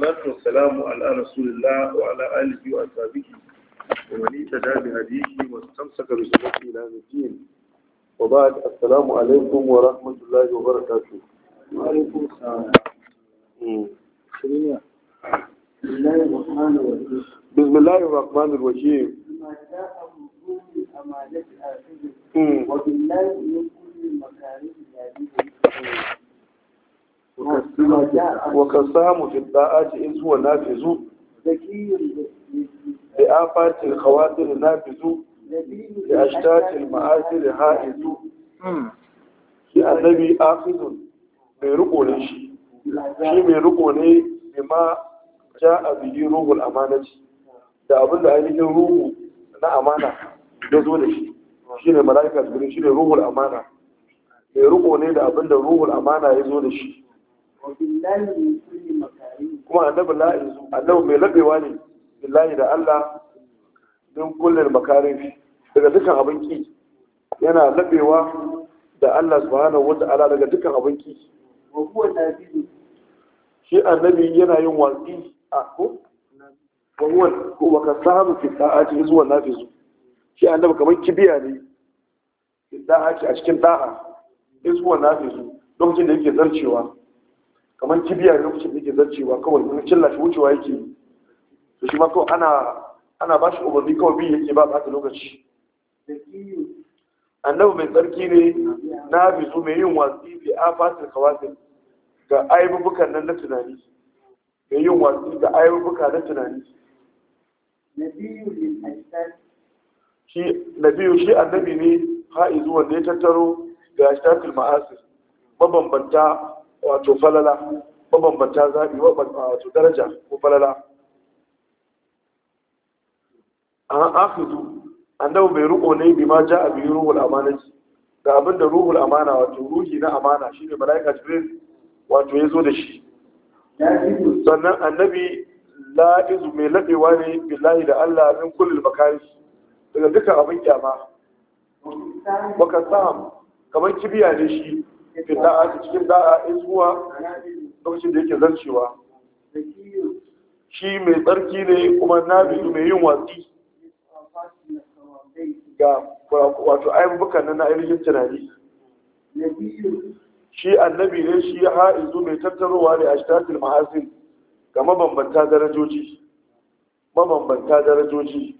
والصلاة والسلام على رسول الله وعلى آله وأصحابه ومن اهتدى بهديه واستمسك بسنته إلى الدين وبعد السلام عليكم ورحمة الله وبركاته وعليكم السلام بسم الله الرحمن الرحيم وبالله من كل مكاره samu zuwa وكسام في الطاعات إذ هو نافذ لآفات الخواطر نافذ لأشتات المآثر حائز shi annabi afizun mai riko shi shi mai riko ne ma ja a biyi ruhul amanaci da abin da ainihin ruhu na amana ya zo da shi shi ne mala'ika jibril shi ne ruhul amana mai riko da abin da ruhul amana ya zo da shi kuma annabi la annabi mai labewa ne billahi da Allah don kullum makarin daga dukkan abin ki yana labewa da Allah subhanahu wata'ala daga dukkan abin ki shi annabi yana yin watsi a ko wawan wa ka samu fi da'ati zuwa nafizu shi annabi kamar kibiya ne fi a cikin da'a zuwa nafizu lokacin da yake zarcewa kamar kibiya lokacin da yake zarcewa kawai wani cilla shi wucewa yake to shi ma kawai ana ana ba shi umarni kawai bi yake ba ta lokaci annabi mai tsarki ne na bizu mai yin watsi bi a fasil kawasin ga ayyubukan nan na tunani mai yin watsi ga aibubuka na tunani na biyu shi annabi ne ha'izu wanda ya tattaro ga ashtakul ma'asir mabambanta wato falala mabambanta zaɓi wato daraja ko falala an akidu annabi bai ruko ne bi ma ja a biyu ruhul amanati ga abin da ruhul amana wato ruhi na amana shine malaika jibril wato ya zo da shi sannan annabi la'izu mai laɗewa ne billahi da Allah min kullum makari daga duka abin kyama baka sam kamar kibiya ne shi fi da'a cikin da'a in zuwa lokacin da yake zarcewa shi mai tsarki ne kuma nabidu mai yin watsi ga wato ayyukan na ainihin tunani shi annabi ne shi ha'izu mai tattarowa ne a shitatul ma'azin ga mabambanta darajoji mabambanta darajoji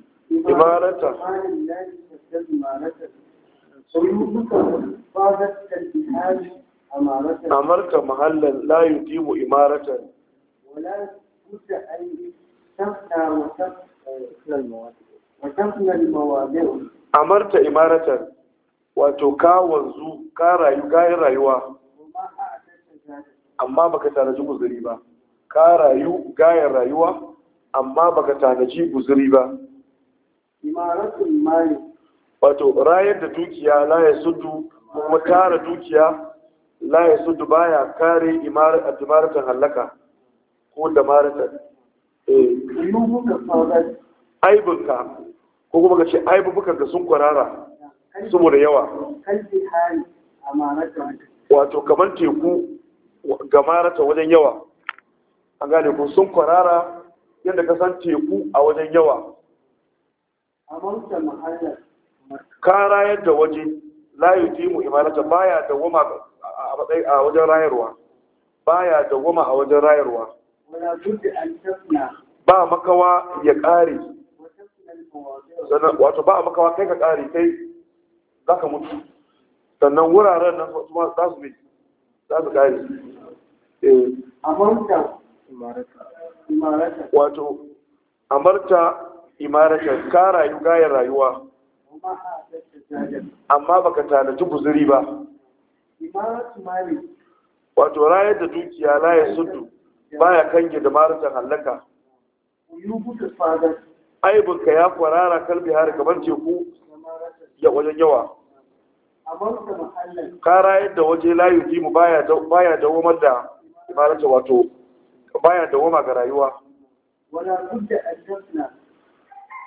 imarata amarka mahallan layu dimu imaratan amarta imaratar wato ka wanzu ka rayu kayan rayuwa amma baka tanaji guzuri ba ka rayu gayan rayuwa amma baka tanaji guzuri ba imaratul mali wato rayar da dukiya la ya sudu kuma tara dukiya la ya sudu baya kare imaratan halaka ko da marata eh ka ko kuma ka ce aibubukan da sun kwarara saboda yawa wato kamar teku ga marata wajen yawa an gane ku sun kwarara yadda ka san teku a wajen yawa ka rayar da waje layu dimu imanata baya dawwama a matsayi a wajen rayarwa baya goma a wajen rayarwa ba makawa ya kare wato ba makawa kai ka kare kai za ka mutu sannan wuraren nan kuma za su za su kare eh. amarta wato amarta imaratan ka rayu gayar rayuwa amma baka tanaji guzuri ba wato rayar da dukiya layar sudu baya kange da maratan hallaka aibinka ya kwarara kalbi har kamar teku ya wajen yawa kara yadda waje layu dimu baya dawomar da imarata wato baya dawoma ga rayuwa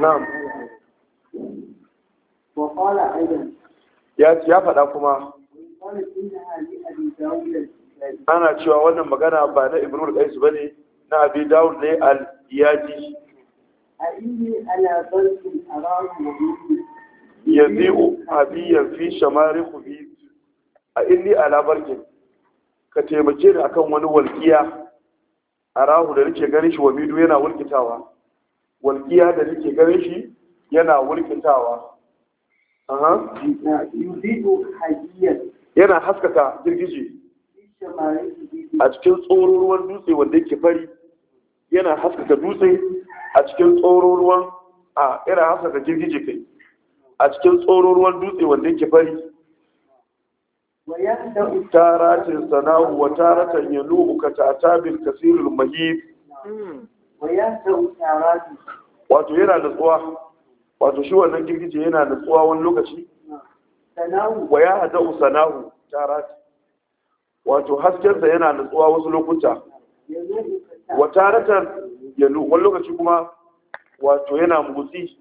na'am ya faɗa kuma ana cewa wannan magana ba na ibnu al-qais bane na abi dawud ne al-iyadi yazi'u abiyan fi a inni ala ka taimake ni akan wani walƙiya Arahu da nake ganin shi wa yana walkitawa walƙiya da nake ganin shi yana wulkintawa yana haskaka girgije a cikin tsoron dutse wanda yake fari yana haskaka dutse a cikin tsoron ruwan a yana haskaka girgije kai a cikin tsoron ruwan dutse wanda yake fari taratin sana'u wa taratan yanu'u ka tatabil kasirul mahib hmm. wato yana da tsuwa wato shi wannan girgije yana da tsuwa wani lokaci wa ya hada usanahu tarati wato haskensa yana da tsuwa wasu lokuta wa taratan yalu wani lokaci kuma wato yana motsi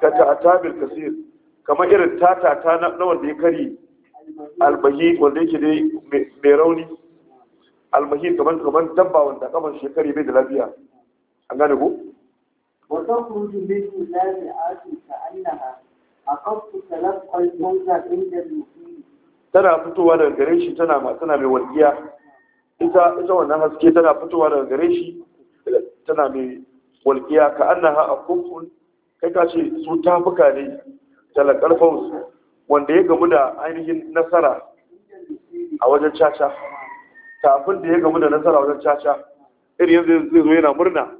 ka ta'atabil kasir kamar irin tatata na wanda ya kari albahi wanda yake dai mai rauni albahi kamar kamar dabba wanda kafan shekari bai da lafiya an gane ku tana fitowa daga gare shi tana tana mai walƙiya ita ita wannan haske tana fitowa daga gare shi tana mai walƙiya ka annaha a aqufun kai ka ce su tafuka ne talakar faus wanda ya gamu da ainihin nasara a wajen caca kafin da ya gamu da nasara a wajen caca irin yanzu zai zo yana murna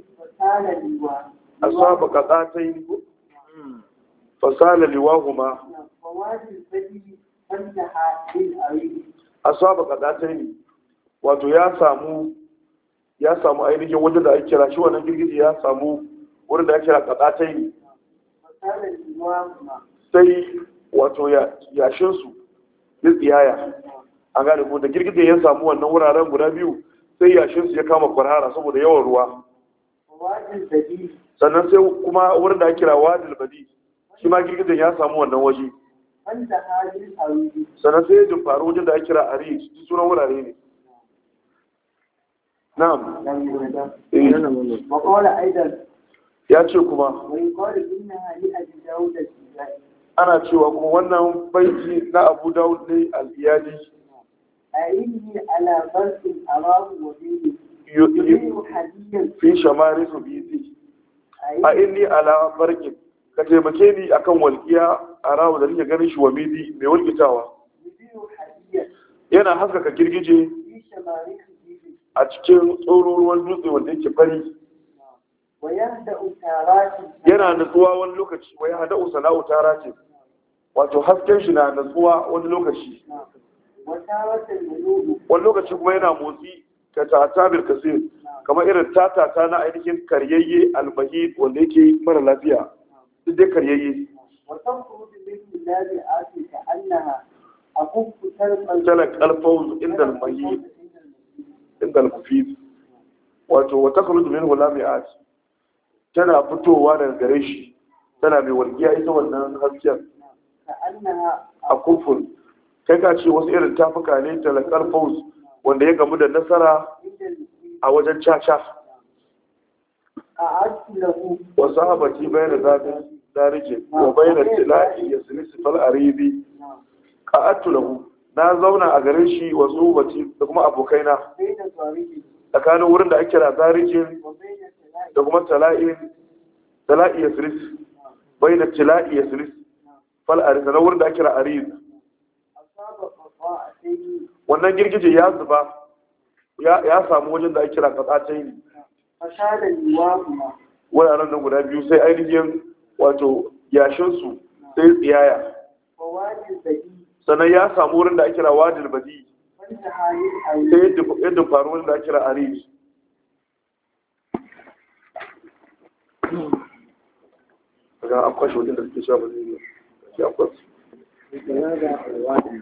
asaba qatatain fasala liwahuma asaba qatatain wato ya samu ya samu ainihin wajen da ake kira shi wannan girgiji ya samu wurin da ake kira ne. sai wato yashin su ya tsiyaya a gane ko da girgije ya samu wannan wuraren guda biyu sai yashin su ya kama kwarara saboda yawan ruwa sannan sai kuma wurin da kira wadil badi shi ma girgizan ya samu wannan waje sannan sai jin faru wajen da kira ari su sunan wurare ne na'am ya ce kuma ana cewa kuma wannan baiti na abu dawud ne al-iyadi a yi ala barkin arahu wa bihi fi shamari su bizi a inni ala farkin ka taimake ni akan walƙiya a rawa da nake ganin shi wa midi mai walƙitawa yana haskaka girgije a cikin tsororuwan dutse wanda yake fari yana nutsuwa wani lokaci wa ya hada usana'u taratin wato hasken shi na nutsuwa wani lokaci wani lokaci kuma yana motsi ka tatabir kasir kamar irin ta na ainihin karyayye albahi wanda yake mara lafiya duk dai karyayye talak alfawz inda albahi inda almufid wato wata kalu domin wala mai aji tana fitowa daga gare shi tana mai wargiya ita wannan hasken a kufur kai ka ce wasu irin tafuka ne talak alfawz wanda ya gamu da nasara a wajen caca wa sahabati bayna zatin darije wa bayna tilai yaslisu fal aribi qa'atu lahu na zauna a garin shi wa tsubati da kuma abokaina tsakanin wurin da ake da zarijin da kuma tala'in tala'i yaslis bayna tila'i yaslis fal aribi na wurin da ake da aribi wannan girgije ya zuba ya samu wajen da ake kira ta ne wadannan nan guda biyu sai ainihin wato yashinsu sai tsiyaya sannan ya samu wurin da ake kira wajil badi sai yadda faru wurin da ake kira arif ga akwai shi wajen da suke shafa zai ne akwai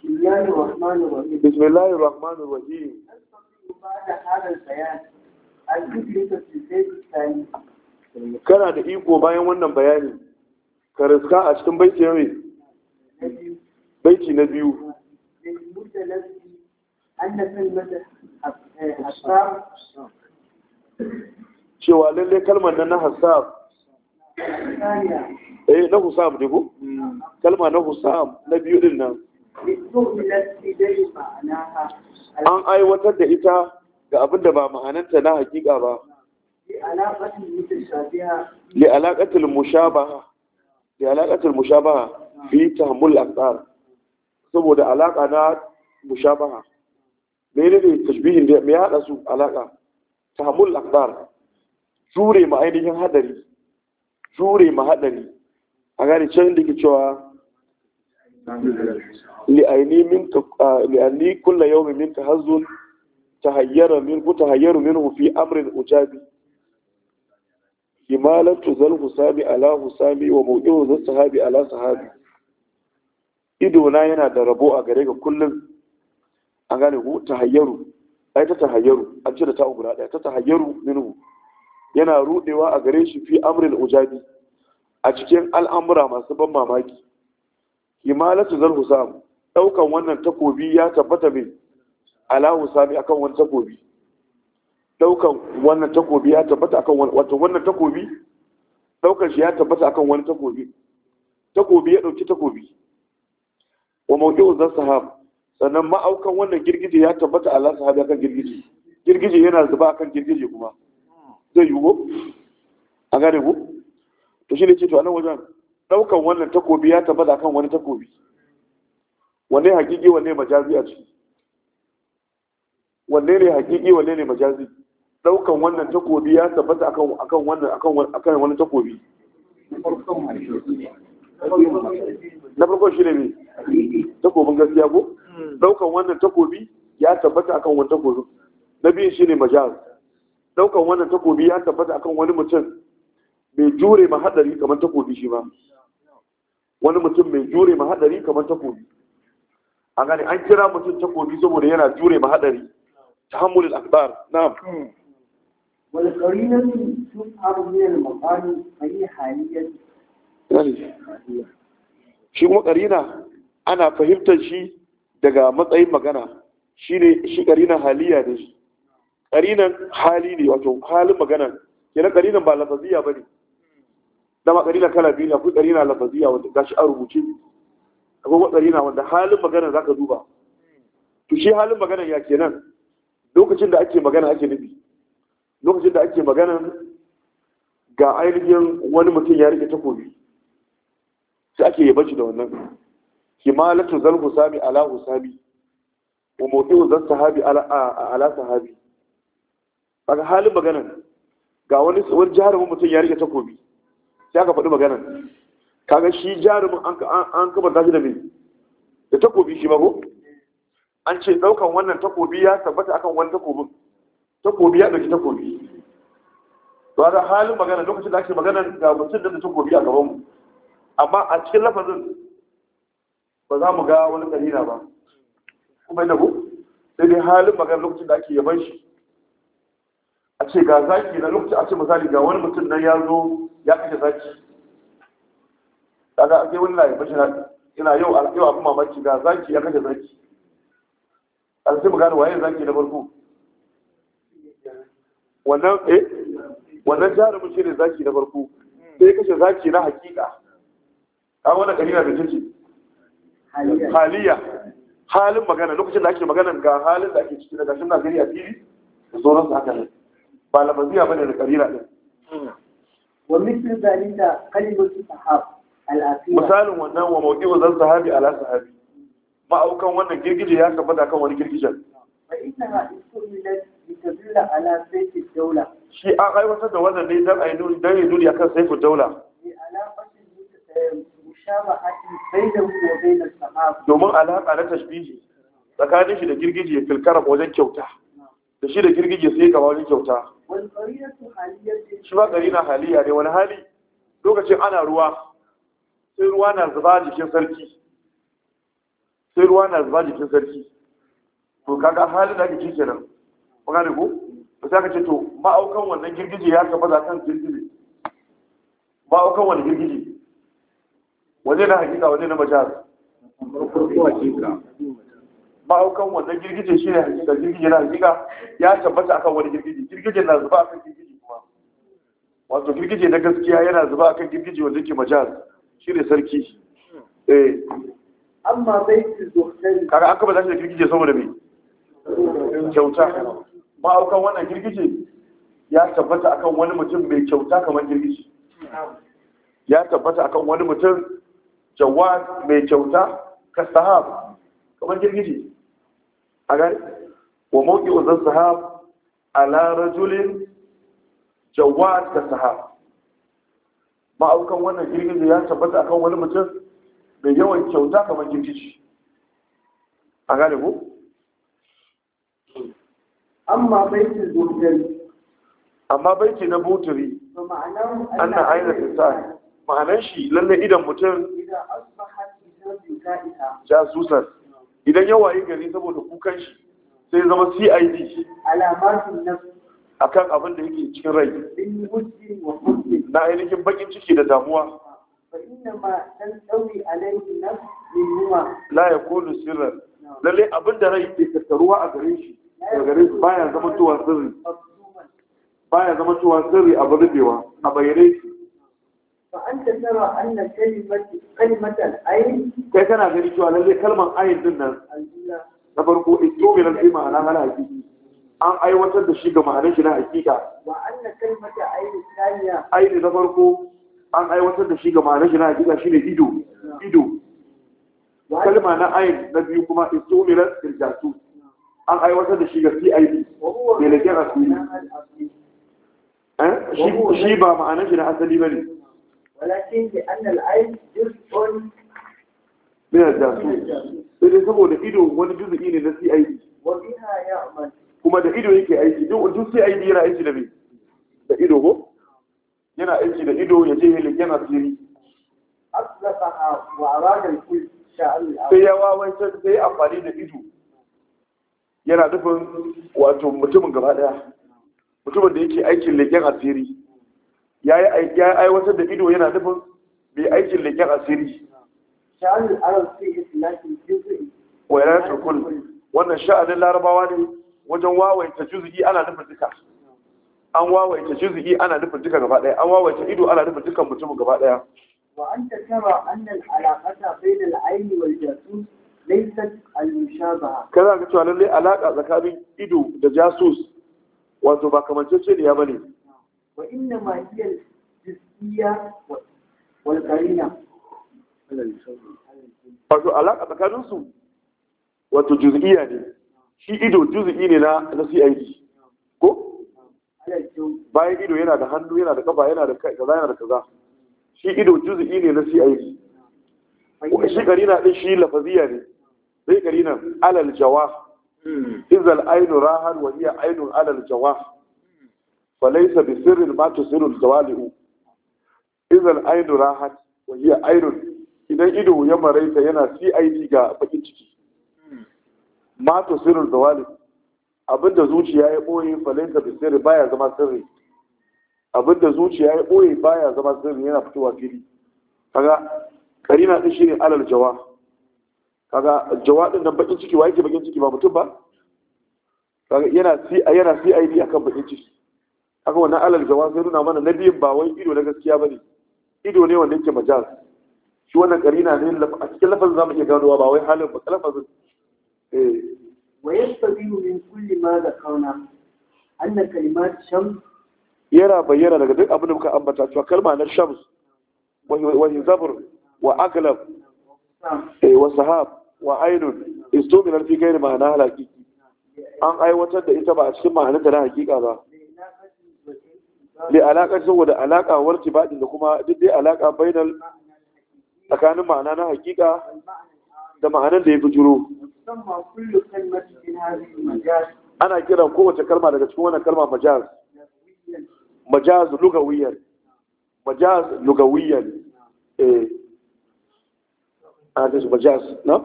بسم الله الرحمن الرحيم kana da iko bayan wannan bayani ka riska a cikin baiti na baiti na biyu cewa lalle kalmar nan na hasab eh na husam ne ko hmm. kalma na husam na biyu din nan an aiwatar da ita ga abin da ba ma'ananta na hakika ba li alaƙatul mushabaha li alaƙatul mushabaha fi tahmul aqdar saboda alaƙa na mushabaha me ne ne tashbihin da me hada su alaƙa tahmul aqdar jure ma ainihin hadari jure ma hadari a gane can da ke cewa li'aini min li'aini kulla yawmin min tahazzun tahayyara min ku fi amrin ujabi himalatu zal husabi ala husabi wa mawqi'u zal sahabi ala sahabi ido na yana da rabo a gare ga kullum an gane ku ta tahayyaru yana rudewa a gare shi fi amrin ujabi a cikin al'amura masu ban mamaki himalatu zal husam daukan wannan takobi ya tabbata bin ala husami akan wani takobi daukan wannan takobi ya tabbata akan wato wannan takobi daukan shi ya tabbata akan wani takobi takobi ya dauki takobi wa mawqi'u zal sahab sannan ma'aukan wannan girgije ya tabbata ala sahabi akan girgije girgije yana zuba akan girgije kuma zai yiwu a gane ku to shi ne ce to a nan wajen Daukan wannan takobi ya tabbata kan wani takobi wanne hakiki wanne majazi a ciki wanne ne hakiki wanne ne majazi Daukan wannan takobi ya tabbata akan akan wannan akan akan wani takobi na farko shi ne takobin gaskiya ko hmm. Daukan wannan takobi ya tabbata akan wani takobi na biyu shi ne majazi Daukan wannan takobi ya tabbata akan wani mutum mai jure mahadari haɗari kamar takobi shi ma wani mutum mai jure ma hadari kamar takobi an gane an kira mutum takobi saboda yana jure ma hadari tahammul al-akbar na'am wal qarinatu kuma ana fahimtar shi daga matsayin magana ne shi karinan haliya ne shi karinan hali ne wato halin magana kenan karinan ba lafaziya ne. dama na kala biyu ne akwai ƙarina lafaziya wanda gashi a rubuce akwai na wanda halin magana za ka duba to shi halin magana ya kenan lokacin da ake magana ake nufi lokacin da ake magana ga ainihin wani mutum ya rike takobi sai ake yaba shi da wannan himalatu zal husabi ala husabi wa mawdi'u zal sahabi ala ala sahabi kaga halin magana ga wani wani jarumin mutum ya rike takobi sai aka faɗi maganar kaga shi jarumin an kamanta shi da mai da takobi shi ba ko an ce ɗaukan wannan takobi ya tabbata akan wani takobin takobi ya ɗauki takobi ba da halin magana lokacin da ake magana ga mutum da takobi a gabanmu amma a cikin lafazin ba za mu ga wani ƙarina ba kuma yana ko? sai dai halin magana lokacin da ake yaban shi a ce ga zaki na lokacin a ce misali ga wani mutum nan ya zo ya kashe zaki kaga ake wani na yabashi ina yau yau kuma mamaki ga zaki ya kashe zaki a sai mu waye zaki na farko wannan eh wannan jarumin shi ne zaki na farko sai kashe zaki na hakika kaga wannan kalila da take haliya halin magana lokacin da ake magana ga halin da ake ciki da gashin na gani a fili da sauransu haka ne ba labaziya bane da kalila din hmm. wa mislu zalika kalimatu sahab al misalin wannan wa mawqi'u sahabi ala sahabi ma'aukan wannan girgije ya tabbata kan wani girgijen fa innaha istumilat litadilla ala sayfi dawla shi an aiwatar da wannan ne dan ai nuni dan nuni akan sayfi dawla domin alaƙa na tashbihi tsakanin shi da girgije filkara wajen kyauta da shi da girgije sai kama wani kyauta shi ba gari na haliya ne wani hali lokacin ana ruwa sai ruwa na zuba jikin sarki sai ruwa na zuba jikin sarki to kaga hali da ake ci kenan kun gane ko ba za ka ce to ma'aukan wannan girgije ya ka baza kan girgije ma'aukan wani girgije wani na hakika wani na majaz ma'aukan wannan girgije shi ne hakika girgije na hakika ya tabbata akan wani girgije girgije na zuba akan girgije kuma wato girgije na gaskiya yana zuba akan girgije wanda ke majaz shi ne sarki eh amma bai ci zuhari kaga an kaba zaki girgije saboda me kyauta ma'aukan wannan girgije ya tabbata akan wani mutum mai kyauta kamar girgije ya tabbata akan wani mutum jawad mai kyauta ka kamar girgije Wa gani wa zan wazan sahab ala rajulin jawad ka sahab ma'aukan wannan da ya tabbata akan wani mutum mai yawan kyauta kamar shi a gane amma baitin zurgari amma baiti na buturi an na aina tisa ma'anar shi lalle idan mutum ja susar idan yawa yi gari saboda kukan shi sai zama cid shi A kan abin da yake cikin rai na ainihin bakin ciki da damuwa la ya kone sirran lalle abin da rai ke tattaruwa a gare shi daga gare shi baya zama tuwa sirri baya zama tuwa sirri a rufewa a bayyane shi kai kana gani cewa lallai kalmar ayin din nan na farko ito mai nan ima na hana hakiki an aiwatar da shi ga ma'anar shi na hakika ayin na farko an aiwatar da shi ga ma'anar shi na hakika shi ne ido ido kalma na ayin na biyu kuma ito mai nan an aiwatar da shi ga cid mai lafiyar asiri eh? shi ba ma'anar shi na asali ba ne walakin da annal ayin juz'un min al-jasus sai saboda ido wani juz'i ne na CID kuma da ido yake aiki duk duk CID yana aiki da me da ido ko yana aiki da ido ya je helin yana siri aslaqaha wa arada al-kull sai ya wawance sai amfani da ido yana nufin wato mutumin gaba mutumin da yake aikin leƙen asiri ya yi aiwatar da ido yana nufin mai aikin da leken asiri ƙwayarar turkul wannan sha'adin larabawa ne wajen wawaita juzugi ana nufin duka an wawaita juzugi ana nufin duka gaba ɗaya an wawaita ido ana nufin dukan mutumin gaba ɗaya kada ka cewa lallai alaƙa tsakanin ido da jasus wato ba kamar cece da ya bane فإنما هي الجزئية والقرينة wato alaƙa tsakaninsu wato juz'iyya ne shi ido juz'i ne na CID ko bayan ido yana da hannu yana da kafa yana da kaza yana da kaza shi ido juz'i ne na CID shi karina din shi lafaziya ne sai karina alal jawaf hmm. izal ainu rahan wa hiya ainun alal jawaf فليس بسر ما تسر الزوالئ إذا العين راحت وهي عين إذا إدو يمريت ينا سي أي تيغا بكتشكي ما تسر الزوالئ abinda zuciya ya boye falaita bi sirri baya zama sirri abinda zuciya ya boye baya zama sirri yana fitowa fili kaga karina din shine alal jawa kaga jawa nan bakin ciki wa yake bakin ciki ba mutum ba kaga yana CID akan bakin ciki aka wani alal gaba sai nuna mana na biyun ba wai ido na gaskiya ba ne? ido ne wanda yake majaz shi wannan karina ne a cikin lafazin mu iya ganowa ba wai halin ba lafazin eh wa yastabihu min kulli ma kauna annan kalimat sham yara bayyana daga duk abin da muka ambata cewa kalma na shams wa hizabr wa aglab eh, wa sahab wa ainun istominar fi gairi ma'ana halakiki an aiwatar da ita ba a cikin ma'anar da na hakika ba da alaka saboda alaka warti baɗin da kuma duk dai alaka bainal tsakanin ma'ana na hakika da ma'anan da ya bujuro ana kira kowace kalma daga cikin wannan kalma majaz majaz lugawiyyan majaz lugawiyyan eh ana majaz na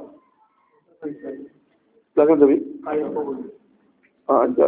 lakan zabi a an da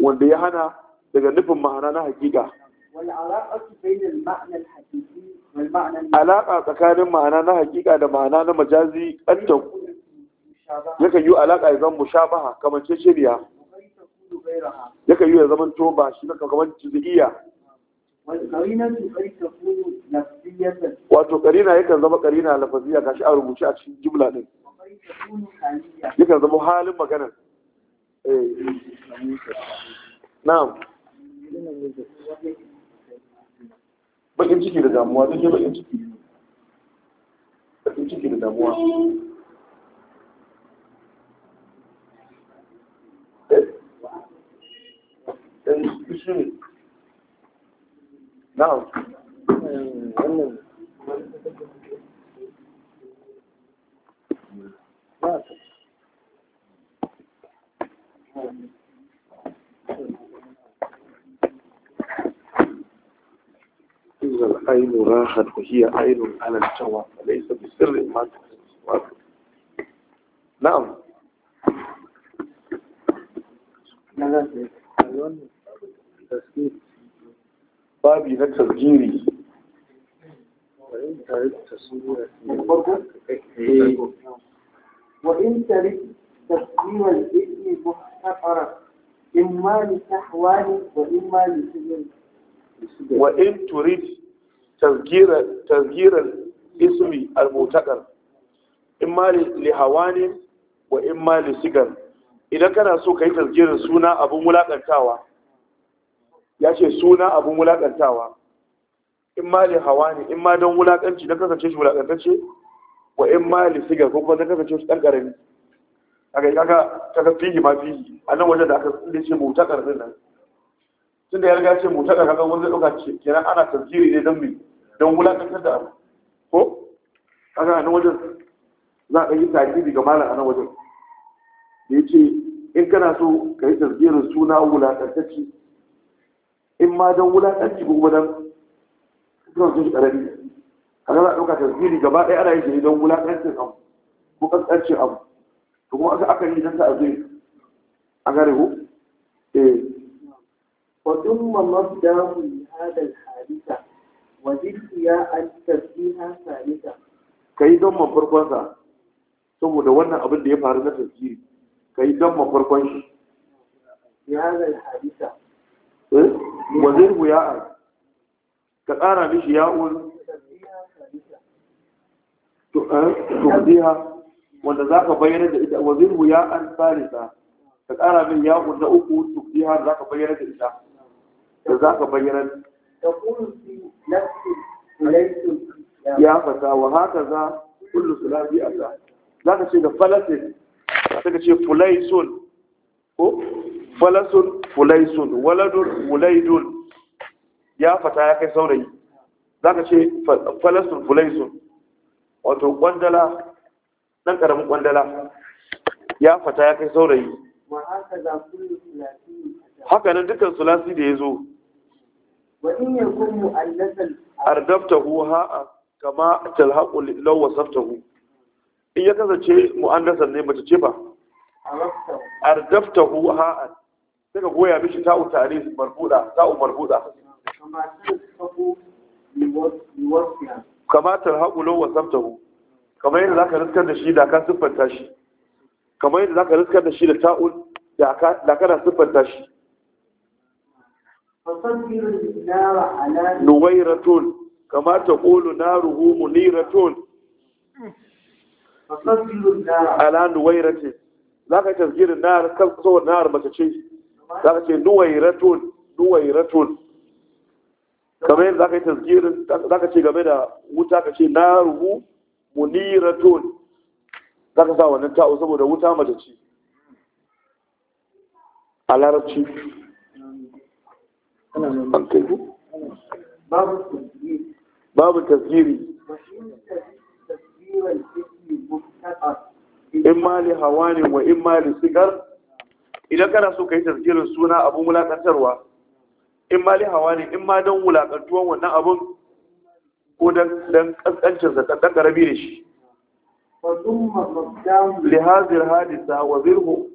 wanda ya hana daga nufin ma'ana na hakika alaƙa tsakanin ma'ana na hakika da ma'ana na majazi ƙantan yakan yi alaƙa ya zama mushabaha kamar ceceniya yakan yi ya zama to ba shi na kamar jizi'iya wato ƙarina yakan zama ƙarina lafaziya gashi a rubuce a cikin jimla ɗin yakan zama halin maganar na'am bakin ciki da damuwa duk bakin ciki bakin ciki da damuwa eh? Eh, na'am أحد وهي عين على الجوى فليس بسر ما نعم بابي na tasgiri وإن ترك تسجيل الاسم مختصرا إما لتحوال وإما لسجن وإن تريد tazgiran ismi al-mutaqar in ma li hawani wa in ma li sigar idan kana so ka yi tazgirin suna abun wulakantawa ya ce suna abun wulakantawa in ma li hawani in ma don wulakanci don kasance shi wulakantacce wa in ma li sigar ko kuma don kasance shi ɗan dan karami kaga ta kaga fihi ma fihi a nan wajen da aka tsinda ce mutakar din nan tunda ya riga ce mutakar kaga wanda zai dauka kenan ana tazgiri ne don mai don wulakantar da abu ko kaga a nan wajen za a yi tarihi ga malam a nan wajen da ya ce in kana so ka yi tasbirin suna wulakantacci in ma don wulakanci ko kuma don suna sun shi ƙarari a za a ɗauka tasbiri gaba ɗaya ana yin shi don wulakancin abu ko ƙasƙancin abu to kuma aka aka yi don ta azuri a gare ku eh wa dumma mabda hada hadisa wajidtu ya an tasbiha salisa kai don man farkon sa saboda wannan abin da ya faru na tasbih kai don man farkon shi ya hada hadisa eh wajidtu ya an ka tsara mishi ya'un to tuhdiha wanda za ka bayyana da ita wazirhu ya an salisa ka tsara min ya'un na uku to za ka bayyana da ita da za ka bayyana Ya تقول في نفس وليس يا فتى وهكذا كل ثلاثي أتى لا تشي فلس تكشي فليس ko falasun fulaisun waladun wulaidun ya fata ya kai saurayi za ka ce falasun fulaisun wato kwandala ɗan ƙaramin kwandala ya fata ya kai saurayi haka nan dukkan sulasi da ya zo وإن يكون مؤلفا أردبته هاء كما تلحق لو وصفته إن يكذا شيء مؤنثا لما تجيبه أردبته هاء ha'a ka goya mishi ta'u ta'u marbuda kamatar haƙulon wasamtahu kamar yadda zaka riskar da shi da ka siffanta shi kamar yadda zaka riskar da shi da da kana siffanta shi nuwairatun kama ta ƙolu na ruhu muniratun ala nuwairatun, za ka tasgirin na kan na mace ce za ka ce nuwairatun nuwairatun kamar yadda za ka yi tasgirin za ka ce game da wuta ka ce na ruhu muniratun za ka sa wannan ta'o saboda wuta mace ce a larabci babu tasgiri in mali hawa ne wa in ma li sigar idan kana so ka yi tasgirin suna abin wulakantarwa in mali hawa ne in ma don wulakantuwan wannan abun ko don kaskancinsa ɗan ƙarami da shi lihazir hadisa wa zirhu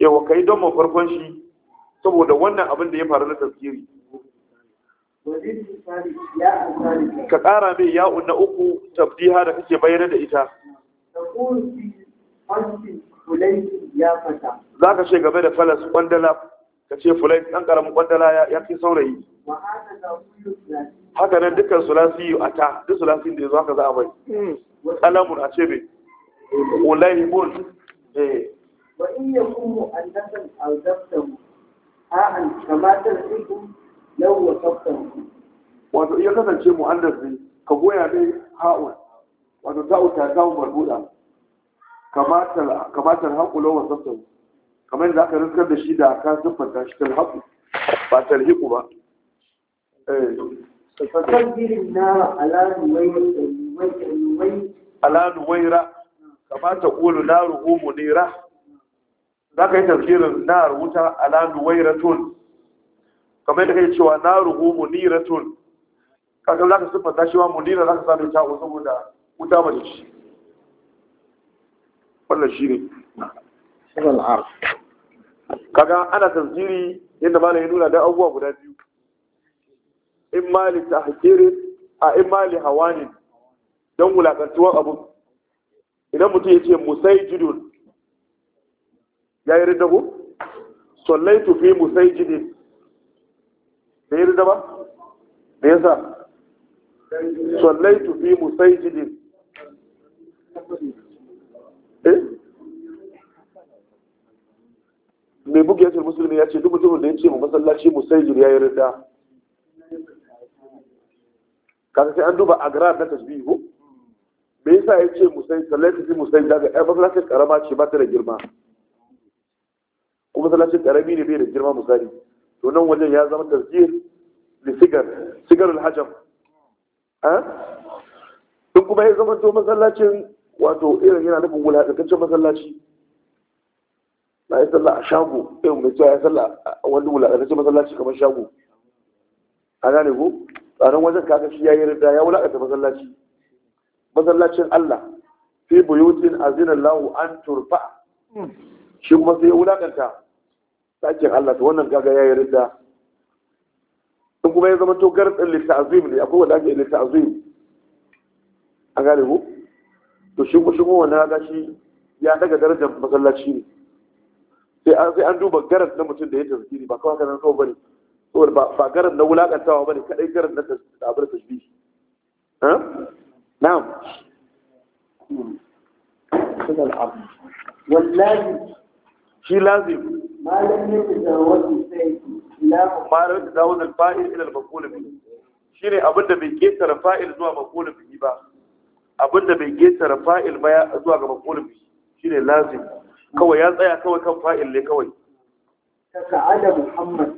yawa ka yi don mafarkon shi saboda wannan abin da ya faru na tafsiri ka ƙara mai ya'un na uku tabdiha da kake bayyana da ita za ka ce game da falas kwandala ka ce fulai ɗan ƙaramin kwandala ya fi saurayi haka nan dukkan sulasi a ta duk sulasi da ya zo ka za a bai alamun a ce bai ulai mun wa eh. in yakunu annatan azdaftahu a'a kamatar iku lau wa tsaftan wato iya kasance mu'annas ne ka goya ne, ha'un wato ta'u ta ta'u marbuda kamatar kamatar haƙu lau wa kamar yadda aka rinkar da shi da aka siffanta shi kan haƙu ba tarhiku ba فكبر eh. wai على نويرة على نويرة كما تقول ناره منيرة za ka yi tafsirin na wuta ala nuwairatun kamar yadda kai cewa na ruhu muniratun kakar za ka siffanta shi wa munira za ka sami ta wasu guda wuta ba shi wannan shi ne kaga ana tafsiri yadda na yi nuna don abubuwa guda biyu in ma li tahkirin a in ma li ne don wulakantuwan abu idan mutum ya ce musai judun ya yi rinda ku sallaitu fi musajidin bai yi rinda ba me yasa sallaitu fi musajidin eh mai bugiyatul musulmi ya ce duk mutumin da ya ce mu masallaci musajid ya yi rinda kaga sai an duba agrar na tasbihi ku? me yasa ya ce musai sallaitu fi musai daga ai masallaci karama ce ba ta da girma Kuma masallacin karami ne bai da girma misali to nan wajen ya zama tasjir da sigar sigar alhajam in kuma ya zama to masallacin wato irin yana nufin wulaƙantaccen masallaci na yi sallah a shago irin mai cewa ya sallah a wani wulaƙantaccen masallaci kamar shago a gane ko tsaron wajen kaka shi ya yi rida ya wulaƙanta masallaci masallacin Allah fi buyutin azinan lahu an turfa hmm. shi kuma sai ya wulaƙanta Sakin Allah to wannan gaga ya yi ridda in kuma ya zama to garɗin litta'azim ne akwai wanda ake litta'azim a gane ku to shi kuma wani wannan ga shi ya daga darajar masallaci ne sai an sai an duba garan na mutum da ya tasiri ba kawai kanan kawai bane saboda ba ba garan na wulakantawa bane kadai garan na abin tashbih ha na'am wallahi shi lazim ما لم يتزوج الفاعل ما لم يتزوج الفاعل الى المفعول به shine abinda bai ketara fa'il zuwa maqulun bihi ba abinda bai ketara fa'il ba zuwa ga maqulun bihi shine lazim kawai ya tsaya kawai kan fa'il ne kawai ka'ada muhammad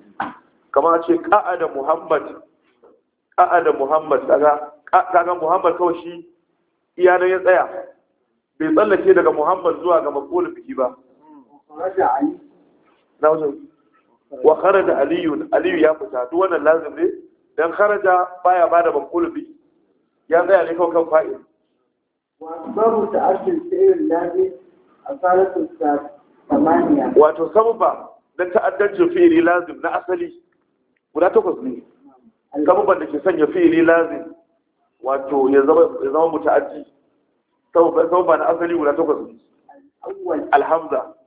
kamar ce ka'ada muhammad ka'ada muhammad daga kaga muhammad kawai shi iya nan ya tsaya bai tsallake daga muhammad zuwa ga maqulun bihi ba ali na wa kharaja aliyu aliyu ya fita duk wannan lazim ne dan kharaja baya bada bankulbi ya tsaya ne kawai kan fa'il wa ta ashin sayyid lazim ta samaniya wato sababa dan ta'addancin fi'ili lazim na asali guda takwas ne ba da ke sanya fi'ili lazim wato ya zama muta'addi ba na asali guda takwas ne alhamza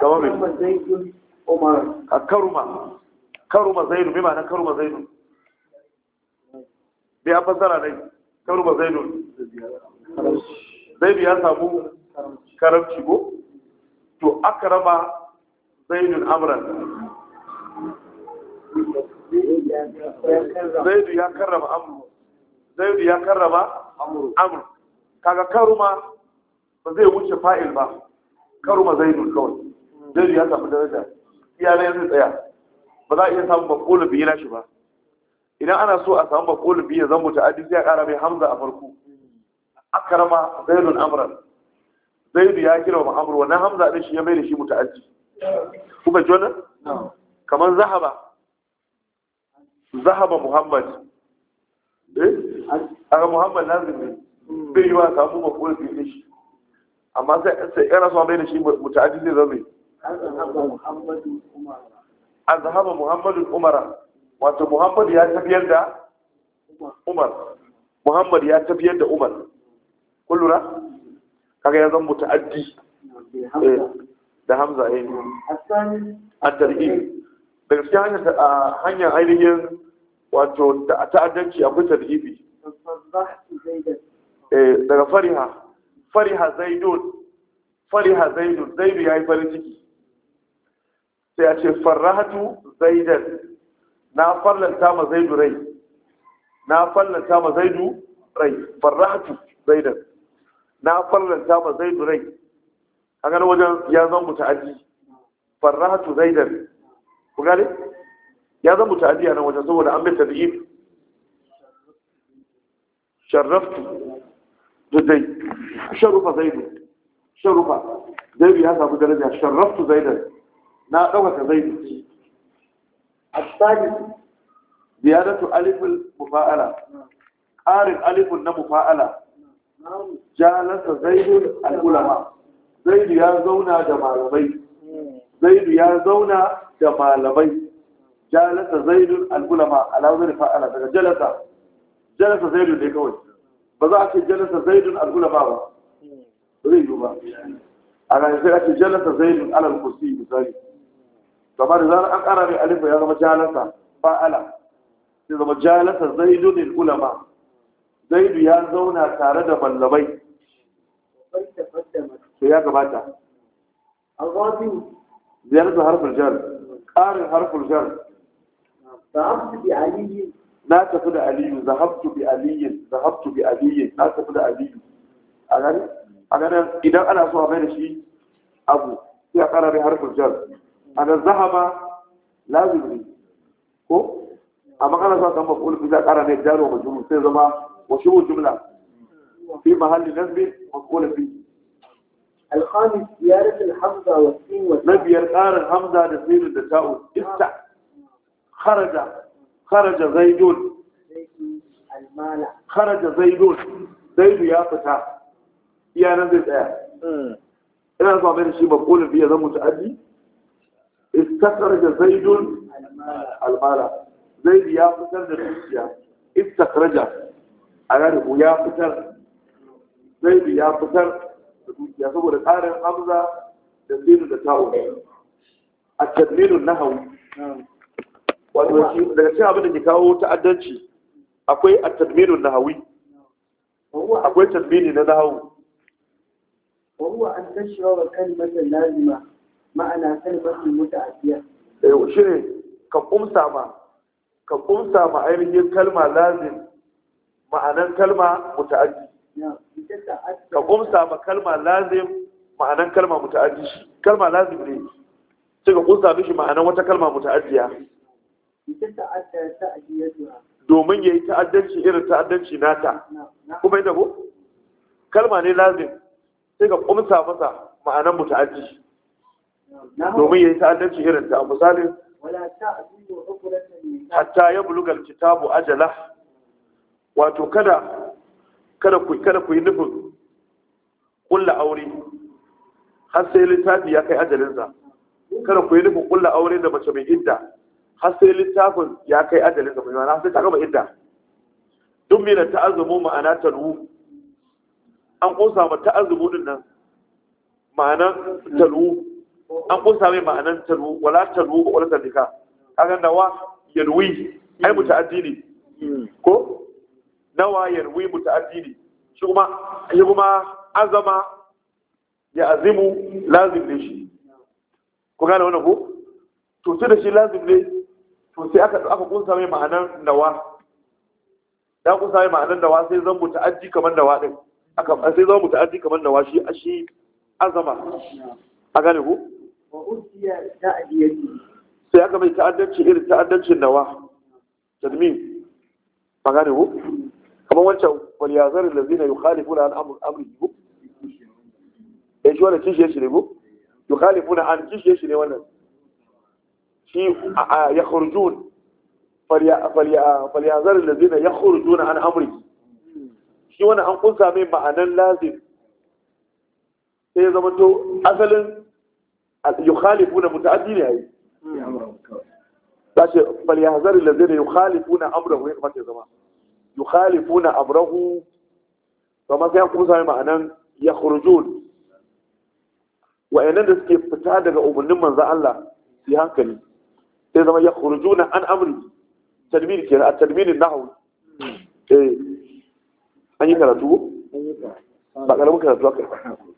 kamar mai a karuma karuma zainu mai ma'anar karuma zainu da ya fassara ne karuma zainu zainu ya samu karamci ko to aka raba zainun amran zaidu ya karrama amru zaidu ya karrama amru kaga karuma ba zai wuce fa'il ba karuma zainun kawai jari ya samu daraja iyana yanzu tsaya ba za a iya samun makola biyu na shi ba idan ana so a samu makola biyu zan mutu adi sai ya kara mai hamza a farko akarama zaidun amran zaidu ya kira wa amru wannan hamza din shi ya mai da shi muta'addi kuka ji wannan kamar zahaba zahaba muhammad eh aga muhammad ne bai yi wa samu makola biyu shi amma sai yana so mai da shi muta'addi zai zama an zahaba umara wato ya tafiyar da umar muhammad ya tafiyar da umar kullura kaga ya zan muta'addi da hamza ya yi a tar'i daga cikin hanyar ainihin wato da a ta'addanci akwai daga fariha fariha zaidun fariha zaidun zaidu ya yi farin ciki sai a ce farrahatu zaidan na farlanta ma zaidu rai na farlanta ma zaidu rai farrahatu zaidan na farlanta ma zaidu rai a gani wajen ya zan muta'addi farrahatu zaidan ku gane ya zan muta'addi a nan wajen saboda an bai tad'if sharraftu dai sharufa zaidu sharufa zaidu ya samu daraja sharraftu zaidan na ɗaukaka zai fi ciki. A tsari, ziyadatu alifin mufa'ala, ƙarin alifin na mufa'ala, jalasa zaidun al'ulama, zaidu ya zauna da malamai, zaidu ya zauna da malamai, jalasa zaidun al'ulama, alamun fa'ala daga jalasa, jalasa zaidun ne kawai, ba za a ce jalasa zaidun al'ulama ba, zai yi ba. A ranar sai ake jalasa zaidun alal kursi misali. kamar da zarar an ƙara mai alif ya zama jalasa fa'ala ya zama jalasa zaidun il ulama zaidu ya zauna tare da mallamai to ya gabata ziyarta harfin jar ƙarin harfin jar na tafi da aliyu zahabtu bi aliyin zahabtu bi aliyin na tafi da aliyu a ganin idan ana so a mai da shi abu sai a ƙara mai harfin jar ana zahaba lazim ne ko a magana sa kan maful bi za da sin da ta'u ista kharaja kharaja zaidun al mala kharaja ya fita iyanan zai tsaya ina so mai shi maful bi ya zama mutaaddi istakaraja zaidun almala zaid ya fitar da dukiya istakaraja a gane ya fitar ya fitar da dukiya saboda tsarin hamza da sinu da ta'u a tadminu nahawi wato shi daga cikin abin da ke kawo ta'addanci akwai a tadminu nahawi akwai tadmini na nahawu وهو أن تشعر كلمة لازمة ma'ana kalmatin muta'addiya eh shi ne ka kumsa ma ka kumsa ma ainihin kalma lazim ma'anan kalma muta'addi ka kumsa ma kalma lazim ma'anan kalma muta'addi kalma lazim ne sai ka kumsa mishi ma'anan wata kalma muta'addiya domin ya yi ta'addanci irin ta'addanci nata kuma yadda ko kalma ne lazim sai ka kumsa masa ma'anan muta'addi domin ya yi ta'addanci irin ta abu zalim hatta ya bulugar kitabu ajala wato kada kada ku kada ku yi nufin kulla aure har sai littafi ya kai ajalinsa kada ku yi nufin kulla aure da mace mai idda har sai littafin ya kai ajalinsa mai ma'ana sai ta gama idda duk mai da ta'azumu ma'ana ruhu an ƙunsa ma ta'azumu din nan ma'ana ruhu an kunsa mai ma'anan talu wala ko wala tadika kaga nawa yarwi ai muta'addi ne ko nawa yarwi muta'addi ne shi kuma shi kuma azama ya azimu lazim ne shi Ko gane wannan ko to sai da shi lazim ne to sai aka aka kunsa mai ma'anan nawa da kunsa mai ma'anan nawa sai zan muta'addi kamar nawa din aka sai zan muta'addi kamar nawa shi shi azama a gane ku sai aka mai ta'addanci irin ta'addancin nawa tadmin ba gane ku kamar wancan zarin da zina yi khalifu na al'amur amri ku ya shi wanda kishiyar shi ne ku yi khalifu na an kishiyar shi ne wannan shi a ya kurjun zarin da zina ya kurjun an amri shi wannan an kunsa mai ma'anan lazim sai ya zama to asalin يخالفون muta'addi ne yayi فليحذر الذين يخالفون امره yukhalifuna amrahu الزمان يخالفون امره فما كان amrahu to يخرجون sai kuma sai فتا suke fita daga umarnin manzo Allah su hankali sai zama yakhrujuna an amri tadbir kenan a tadbirin nahwu eh an yi karatu ba karatu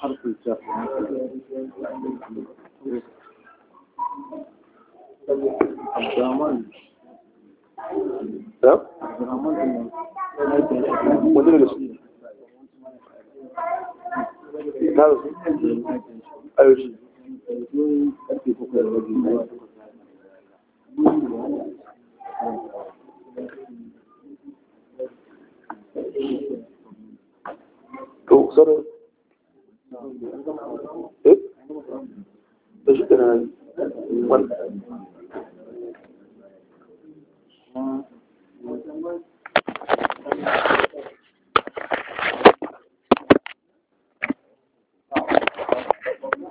حرف الجر عبد الرحمن نعم عبد الرحمن مدرس نعم أيوه Thank you. to oh, sarar eh da Thank you.